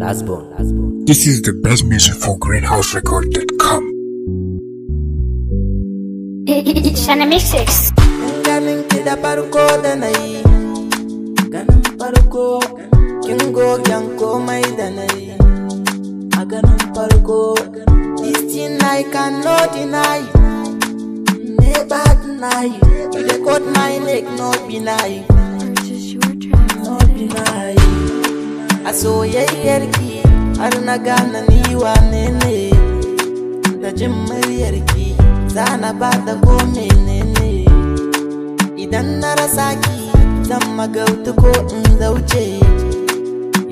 Lasbon. This is the best music for greenhouserecord.com. Shana Mixes. This thing I cannot deny. Never deny. Record my neck, not be naive. a soyayyarki har na gane ni wane ne da jin muryarki za na ba da ko menene idan na rasa ki zan magautu ko in zauce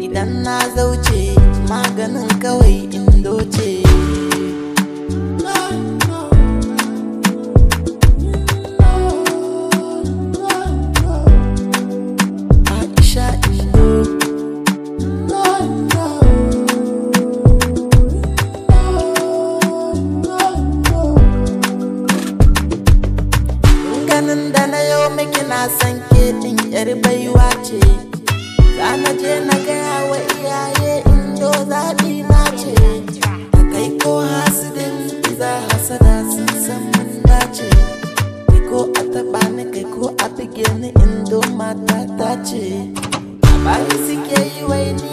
idan na zauce maganin kawai in doce ganin da na yau miki na san ke din yar baiwa ce za na je na gaya wa iyaye in jo zaɓi na ce a kai ko hasidin za hasada sun san mun dace kai ko a taɓa ni kai ko a bige ni in do mata ta ce a bayi suke yi wai ni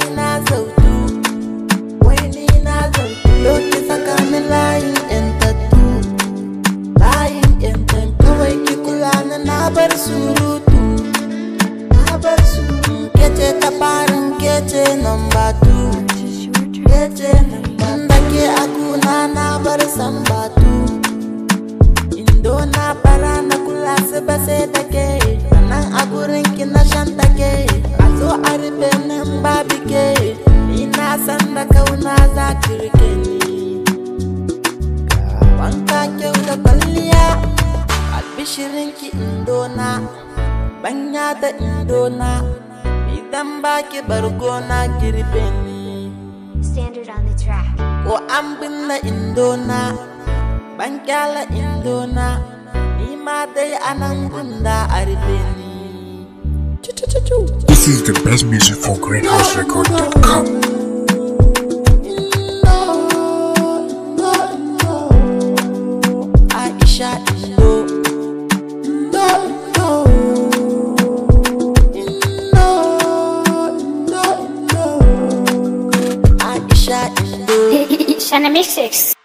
ce number two Yace a ke na bar san batu Indo na bara na kula ba sai ke Sannan a gurin ki na shan take A zo a rufe nan babu ke Ina san da kauna za ki ni Wanka kyau da kwalliya Albishirin ki indona Banya da indona tambaki bargo na standard on the track ko an binne indona ban kyala indona ni ma dai This is the best music for greenhouserecord.com. Channel Mix 6.